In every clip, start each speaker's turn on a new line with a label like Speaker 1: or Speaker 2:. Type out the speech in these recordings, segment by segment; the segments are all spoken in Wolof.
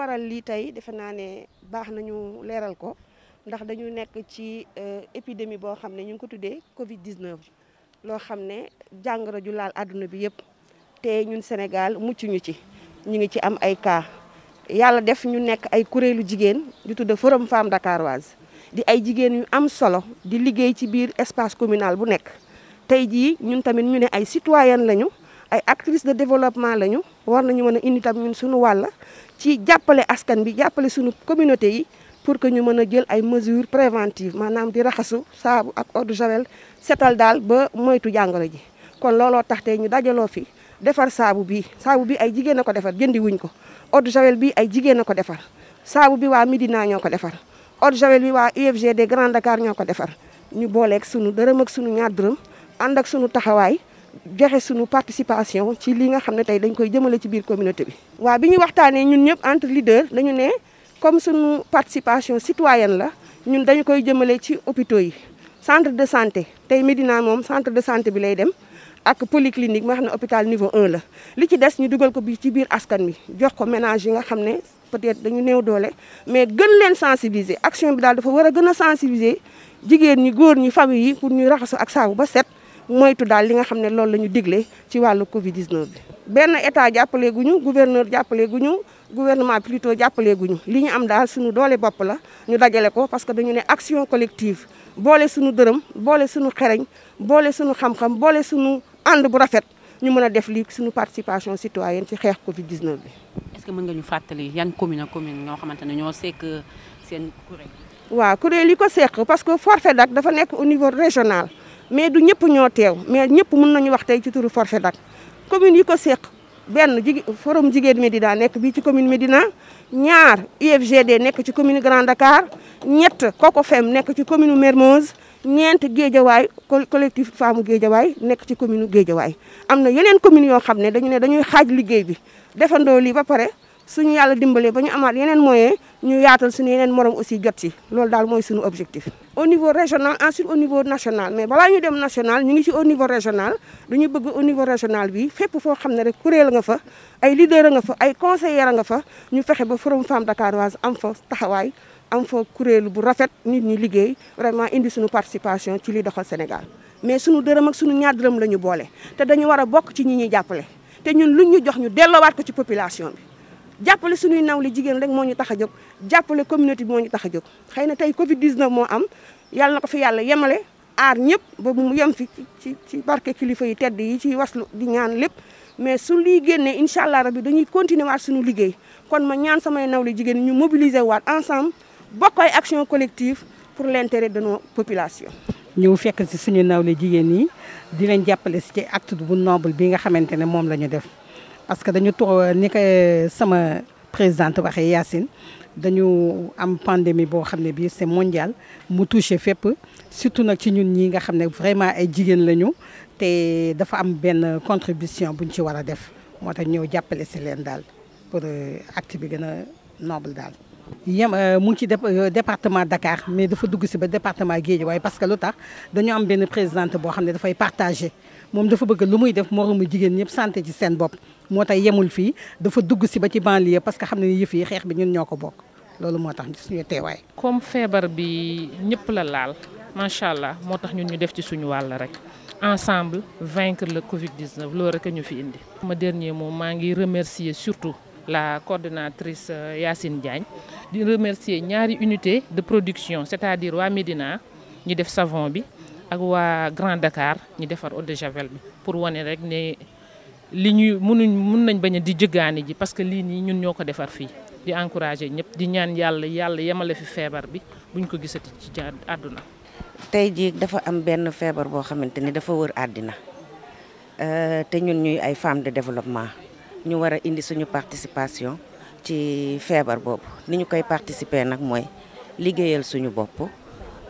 Speaker 1: waral lii tey defe naa ne baax nañu leeral ko ndax dañu nekk ci euh, épidémie boo xam ne ñu ngi ko tuddee Covid 19 loo xam ne jàngoro ju laal àdduna bi yëpp te ñun Sénégal mucc ñu ci ñu ngi ci am ay cas yàlla def ñu nekk ay kuréelu jigéen ñu tudd Forum Femme Dakaroise di ay jigéen yu am solo di liggéey ci biir espace communal bu nekk tey jii ñun tamit ñu ne ay citoyen lañu. ay actrices de développement lañu war nañu mën a indi tam ñun sunu wàll ci jàppale askan bi jàppale suñu communauté yi pour que ñu mën a jël ay mesures préventives maanaam di raxasu saabu ak eau de javel setal daal ba moytu jàngoro ji kon looloo tax tey ñu dajaloo fi defar saabu bi saabu bi ay jigéen a ko defar jëndi wuñ ko eau de javel bi ay jigéen a ko defar saabu bi waa Médina ñoo ko defar eau de javel bi waa UFG de grande Dakar ñoo ko defar ñu booleeg sunu dërëm ak sunu ñaar dërëm ànd ak sunu taxawaay joxe suñu participation ci lii nga xam ne tey dañ koy jëmale ci biir communauté bi. waa bi ñu waxtaanee ñun ñëpp entre leader dañu ne comme suñu participation citoyenne la ñun dañu koy jëmale ci hôpitaux yi centre de santé tey Médina moom centre de santé bi lay dem ak polyclinique moo xam ne hôpital niveau 1 la. li ci des ñu dugal ko bi ci biir askan bi jox ko ménage yi nga xam ne peut-être dañu néew doole mais gën leen sensibiliser action bi daal dafa war a gën a sensibiliser jigéen ñi góor ñi famille yi pour ñu raxasu ak saabu ba set. moytu daal li nga xam ne loolu la ñu digle ci wàllu Covid 19 bi. benn état jàppale gu ñu gouverneur jàppale gu ñu gouvernement plutôt jàppale gu ñu li ñu am daal suñu doolee bopp la ñu dajale ko parce que dañu ne action collective boole suñu dërëm boole suñu xereñ boole suñu xam-xam boole suñu ànd bu rafet ñu mën a def lii suñu participation citoyenne ci xeex Covid 19 bi. est-ce que mën nga ñu fàttali yan commune ak commune ñoo xamante ne ñoo sekk seen kuréel. waaw kuréel ko seq parce que forfait dak dafa nekk au niveau régional. mais du ñëpp ñoo teew mais ñëpp mun nañu wax tey ci turu forfait Dak commune yi ko seq benn jigéen forum jigéen Médina nekk bii ci commune Médina ñaar UFGD nekk ci commune Grand Dakar ñett Coco Femme nekk ci commune Mermoz ñeent Géejawaay collectif femme Géejawaay nekk ci commune Géejawaay am na yeneen communes yoo xam ne dañu ne dañuy xaaj liggéey bi defandoo lii ba pare suñu yàlla dimbalee ba ñu amaat yeneen moyen ñu yaatal suñu yeneen morom aussi jot ci loolu daal mooy suñu objectif au niveau régional ensuite au niveau national mais balaa ñu dem national ñu ngi ci au niveau régional dañu bëgg au niveau bi fépp foo xam ne rek kuréel nga fa ay leader nga fa ay conseillers nga fa ñu fexe ba forum femme dakaroise am fa taxawaay am fa kuréel bu rafet nit ñi liggéey vraiment indi suñu participation ci li doxal Sénégal mais suñu dërëm ak suñu ñaar dërëm la ñu boole dañu war a bokk ci ñi ñuy jàppale te ñun luñ ñu jox ñu delloowaat ko ci population bi jàppale suñuy nawle jigéen rek moo ñu tax a jóg jàppale communauté bi moo ñu tax a jóg xëy na tey Covid 19 moo am yàlla na ko fi yàlla yemale aar ñëpp ba mu yem fi ci ci barke kilifa yi tedd yi ci waslu di ñaan lépp mais su lii génnee incha allah rabi dañuy continuer waat suñu liggéey kon ma ñaan samay nawle jigéen ñu mobiliser waat ensemble bokk ay action collective pour l'intérêt de nos populations.
Speaker 2: ñëw fekk si suñu nawle jigéen yi di leen jàppale si ci acte bu noble bi nga xamante ne moom la ñu def. parce que dañu toog ni ko sama présidente waxee Yacine dañu am pandémie boo xam ne bii c'est mondial mu touché fépp surtout nag ci ñun ñi nga xam ne vraiment ay jigéen lañu te dafa am benn contribution buñ ci war a def moo tax ñëw jàppale si leen daal pour euh, acte bi gën a noble daal. yem euh, mu ngi ci euh, département Dakar mais dafa dugg si ba département Guédiawaye parce que lu tax dañoo am benn présidente boo xam ne dafay partagé moom dafa bëgg lu muy def moromu jigéen ñëpp santé ci seen bopp moo tax yemul fii dafa dugg si ba ci banlieue parce que xam ne yëf yi xeex bi ñun ñoo ko bokk loolu moo tax suñu teewaay. comme feebar bi ñëpp la laal macha allah moo tax ñun ñu def ci suñu wàll rek ensemble vaincre le Covid 19 loolu rek a ñu fi indi. ma dernier mot maa ngi remercier surtout. la coordonnatrice euh, Yacine Diagne di remercier ñaari unité de production c'est-à-dire waa Médina ñu def savon bi ak waa Grand Dakar ñu defar eau de javel bi pour wane rek ne li ñuy mënuñ mën nañ bañ di jëgaani ji parce que lii nii ñun ñoo ko defar fii di encourager ñëpp di ñaan yàlla yàlla yemale fi feebar bi buñ ko gisati ci àdduna
Speaker 1: tey jii dafa am benn feebar boo xamante ni dafa wër àddina euh, te ñun ñuy ay femmes de développement ñu war a indi suñu participation ci feebar boobu ni ñu koy participer nag mooy liggéeyal suñu bopp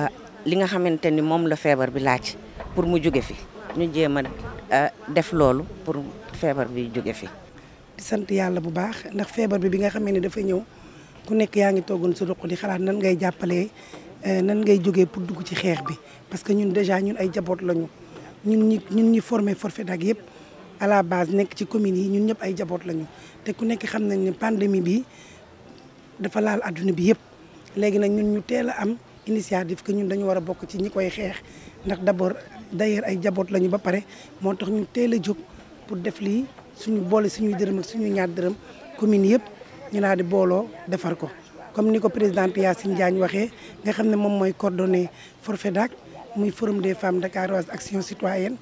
Speaker 1: ah li nga xamante ni moom la feebar bi laaj pour mu jóge fi ñu jéem a ah, def loolu pour feebar bi jóge fi. di sant
Speaker 3: yàlla bu baax ndax feebar bi bi nga xamee ne dafa ñëw ku nekk yaa ngi toogoon sa ruq di xalaat nan ngay jàppalee eh, nan ngay jógee pour dugg ci xeex bi parce que ñun déjà ñun ay jaboot lañu ñun ñi ñun ñi formé forfait ak yëpp. à la base nekk ci communes yi ñun ñëpp ay jaboot lañu te ku nekk xam nañ ne pandémie bi dafa laal adduna bi yëpp léegi nag ñun ñu teel a am initiative que ñun dañu war a bokk ci ñi koy xeex ndax d'abord d'ailleurs ay jaboot lañu ba pare moo tax ñu teel a jóg pour def lii suñu boole suñuy dërëm ak suñuy ñaar dërëm communes yëpp ñu naa di booloo defar ko comme ni ko présidente Yacine Diagne waxee nga xam ne moom mooy coordonné Forfedac muy forum de femmes dakaroises action citoyenne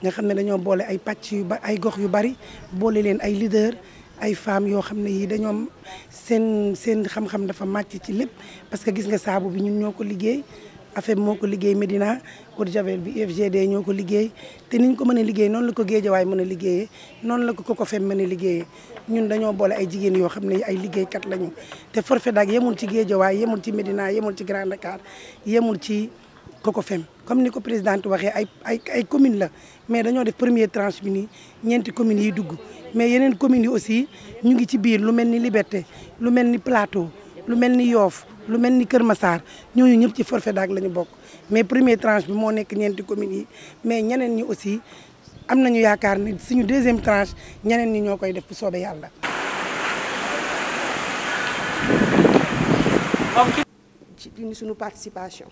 Speaker 3: nga xam ne dañoo boole ay pàcc yu ba ay gox yu bari boole leen ay leader ay femmes yoo xam ne yii dañoom seen seen xam-xam dafa màcc ci lépp parce que gis nga saabu bi ñun ñoo ko liggéey AFEM moo ko liggéey Médina eau de javel bi UFGD ñoo ko liggéey te niñ ko mën a liggéey noonu la ko géejawaay mën a liggéeyee noonu la ko Cocofem mën a liggéeyee ñun dañoo boole ay jigéen yoo xam ne ay liggéeykat lañu te forfait daag yemul ci géejawaay yemul ci Médina yemul ci Grand yemul ci COCOFEM comme ni ko présidente waxee ay ay ay communes la mais dañoo def premier tranche bi nii ñeenti communes yi dugg mais yeneen commune yi aussi ñu ngi ci biir lu mel ni Liberté lu mel ni Plateau lu mel ni yoof lu mel ni Kër Massar ñooñu ñëpp ci forfait daag la ñu bokk mais premier tranche bi moo nekk ñeenti commune yi mais ñeneen ñi aussi am nañu yaakaar ni suñu deuxième tranche ñeneen ñi ñoo koy def bu soobee yàlla.
Speaker 1: ci participation.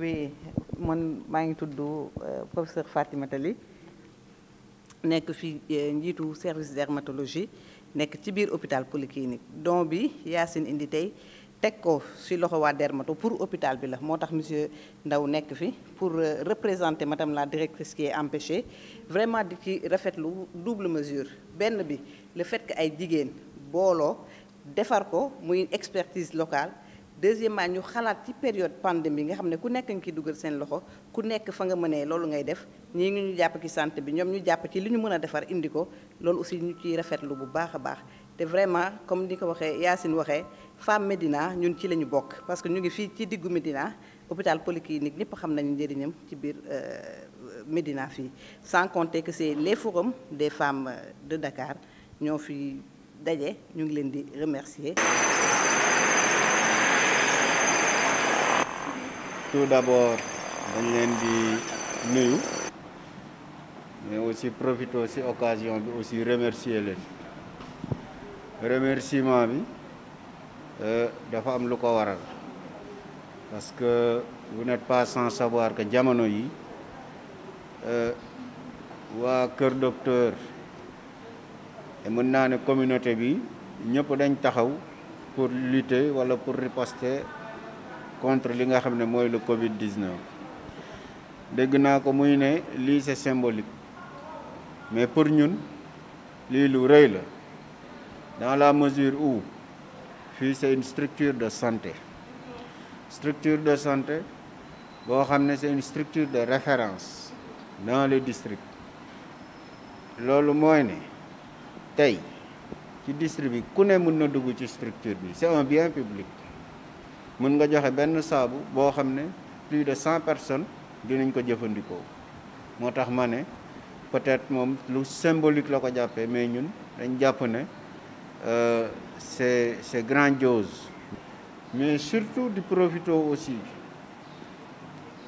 Speaker 4: oui man maa ngi tudd euh, professeur Fatimata Ly nekk fi euh, njiitu service dermatologie nekk ci biir hôpital polyclinique don bi Yacine indi tey teg ko ci loxo waa dermato pour hôpital bi la moo tax monsieur Ndaw nekk fi pour euh, représenter madame la directrice qui est vraiment di ci rafetlu double mesure benn bi le fait que ay jigéen booloo defar ko muy expertise locale deuxièmement ñu xalaat ci période pandémie nga xam ne ku nekk nga ciy dugal seen loxo ku nekk fa nga mënee loolu ngay def ñii ngi ñu jàpp ci santé bi ñoom ñu jàpp ci li ñu mën a defar indi ko loolu aussi ñu ciy rafetlu bu baax a baax te vraiment comme ni ko waxee yaa Yacine waxee femme Médina ñun ci la ñu bokk parce que ñu ngi fii ci diggu Médina hôpital polyclinique ñëpp xam nañu njëriñam ci biir euh, Médina fii sans compter que c'est les forums des femmes euh, de Dakar ñoo fi daje ñu ngi leen di remercier.
Speaker 5: tout d'abord dañ leen di nuyu mais aussi profiter ci occasion bi aussi remercier leen remerciement bi euh, dafa am lu ko waral parce que vous n'êtes pas sans savoir que jamono yi euh, waa Kër Docteur. mën naa ne communauté bi ñëpp dañ taxaw pour lutter wala pour riposter contre li nga xam ne mooy le Covid 19. dégg naa ko muy ne lii c'est symbolique mais pour ñun lii lu rëy la dans la mesure où fii c'est une structure de santé structure de santé boo xam ne c'est une structure de référence dans le district loolu mooy ne. tey ci district bi ku ne mun na dugg ci structure bi c'est un bien public mun nga joxe benn saabu boo xam ne plus de cent personnes dinañ ko jëfandikoo moo tax ma ne peut-être moom lu symbolique la ko jàppee mais ñun dañ jàpp ne euh, c'est c'est grandiose mais surtout di profiter aussi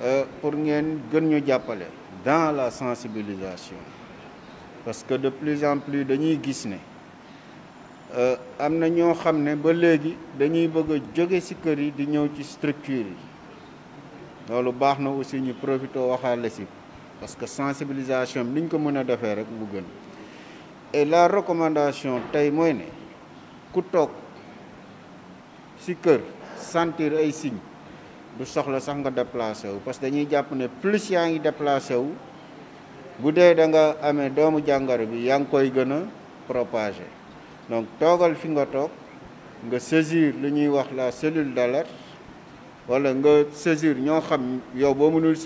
Speaker 5: euh, pour ngeen gën ñu jàppale dans la sensibilisation parce que de plus en plus dañuy gis ne euh, am na ñoo xam ne ba léegi dañuy bëgg a jóge si kër yi di ñëw ci structure yi loolu baax na aussi ñu profité waxaale si parce que sensibilisation bi ni ñu ko mën a defee rek mu gën et la recommandation tey mooy ne ku toog si kër sentir ay signes du soxla sax nga déplacé wu parce que dañuy jàpp ne plus yaa ngi déplacé wu. bu dee da nga amee doomu jàngoro bi yaa ngi koy gën a propager donc toogal fi nga toog nga saisir lu ñuy wax la cellule d'alerte wala nga saisir ñoo xam yow boo mënul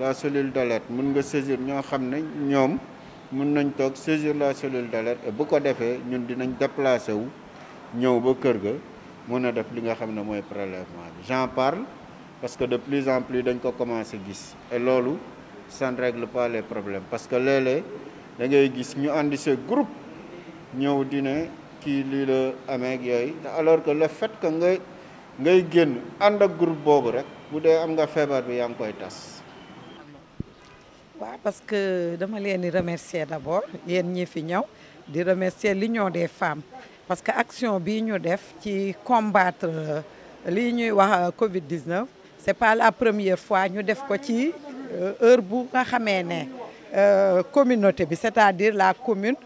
Speaker 5: la cellule d'alerte mën nga saisir ñoo xam ne ñoom mun nañ toog saisir la cellule d'alerte bu ko defee ñun dinañ déplacé wu ñëw ba kër ga mun a def li nga xam ne mooy prélèvement bi j'en parle parce que de plus en plus dañ ko commencé gis et loolu ça ne règle pas les problème parce que léeg-léeg da gis ñu àndi ce groupe ñëw di ne kii lii la amee ak yooyu alors que le fet ko ngay ngay génn ànd ak groupe boobu rek bu dee am nga feebar bi yaa ngi koy tas.
Speaker 6: waa parce que dama leen di remercier d'abord yéen ñi fi ñëw di remercier l'Union des femmes parce que action bii ñu def ci combattre euh, lii ñuy wax euh, Covid 19 c'est pas la première fois ñu def ko ci. Euh, heure bu nga xamee ne euh, communauté bi c'est-à-dire la commune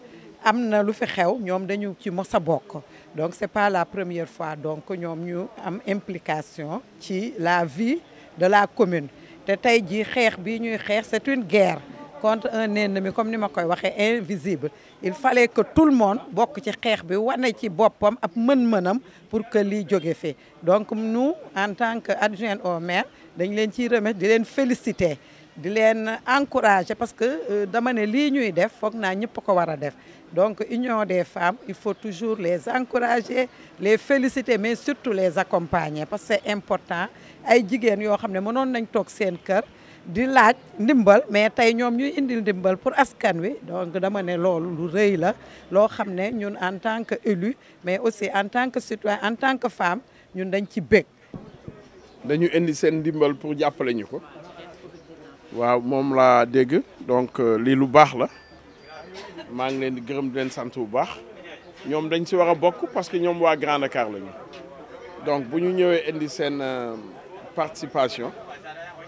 Speaker 6: am na lu fi xew ñoom dañu ci mos a bokk donc c'est pas la première fois donc ñoom ñu am implication ci la vie de la commune te tey jii xeex bi ñuy xeex c'est une guerre contre un mi comme ni ma koy waxee invisible il fallait que tout le monde bokk ci xeex bi wane ci boppam ab mën-mënam pour que lii jóge fi donc nu en tant que adjoint au maire dañ leen ci remercier di leen félicité di leen encourager parce que euh, dama lii ñuy def foog naa ñëpp ko war a def donc union des femmes il faut toujours les encourager les félicités mais surtout les accompagner parce que c'est important ay jigéen yoo xam ne mënoon nañ toog seen kër di laaj ndimbal mais tey ñoom ñuy indi ndimbal pour askan wi donc dama ne loolu lu rëy la loo xam ne ñun en tant que élu mais aussi en tant que citoyen en tant que femme ñun dañ ci bég
Speaker 7: dañu indi seen ndimbal pour jàppale ñu ko waaw moom laa dégg donc euh, lii lu baax la maa ngi leen di gërëm di leen sant bu baax ñoom dañ si war a bokk parce que ñoom waa Grand Dakar lañu donc bu ñu ñëwee indi seen euh, participation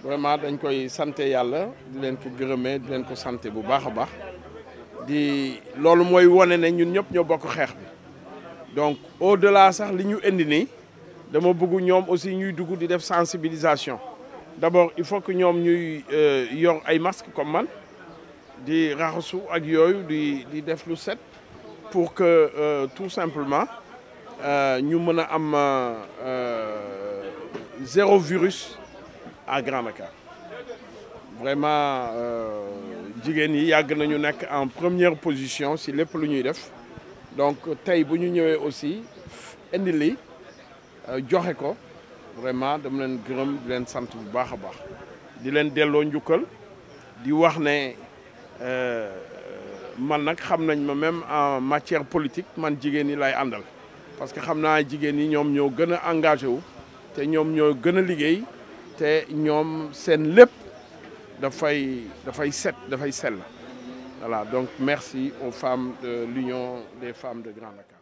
Speaker 7: vraiment dañ koy sante yàlla di leen ko gërëmee di leen ko sante bu baax a baax di loolu mooy wane ne ñun ñëpp ñoo bokk xeex bi donc au la sax li ñu indi nii dama bëgg ñoom aussi ñuy dugg di def sensibilisation d'abord il faut que ñoom ñuy euh, yor ay masques comme man di raxasu ak yooyu di di def lu set pour que euh, tout simplement euh, ñu mën a am zéro virus à Grand Dakar vraiment jigéen yi yàgg nañu nekk en première position si lépp lu ñuy def donc tey bu ñu ñëwee aussi indi li joxe ko vraiment dama leen gërëm di leen sant bu baax a baax di leen delloo njukkal di wax ne euh, man nag xam nañ ma même en matière politique man jigéen ñi lay àndal parce que xam naa jigéen ñi ñoom ñoo gën a engagé wu te ñoom ñoo gën a liggéey te ñoom seen lépp dafay dafay set dafay sell voilà donc merci aux femmes de l'union des femmes de Grand Dakar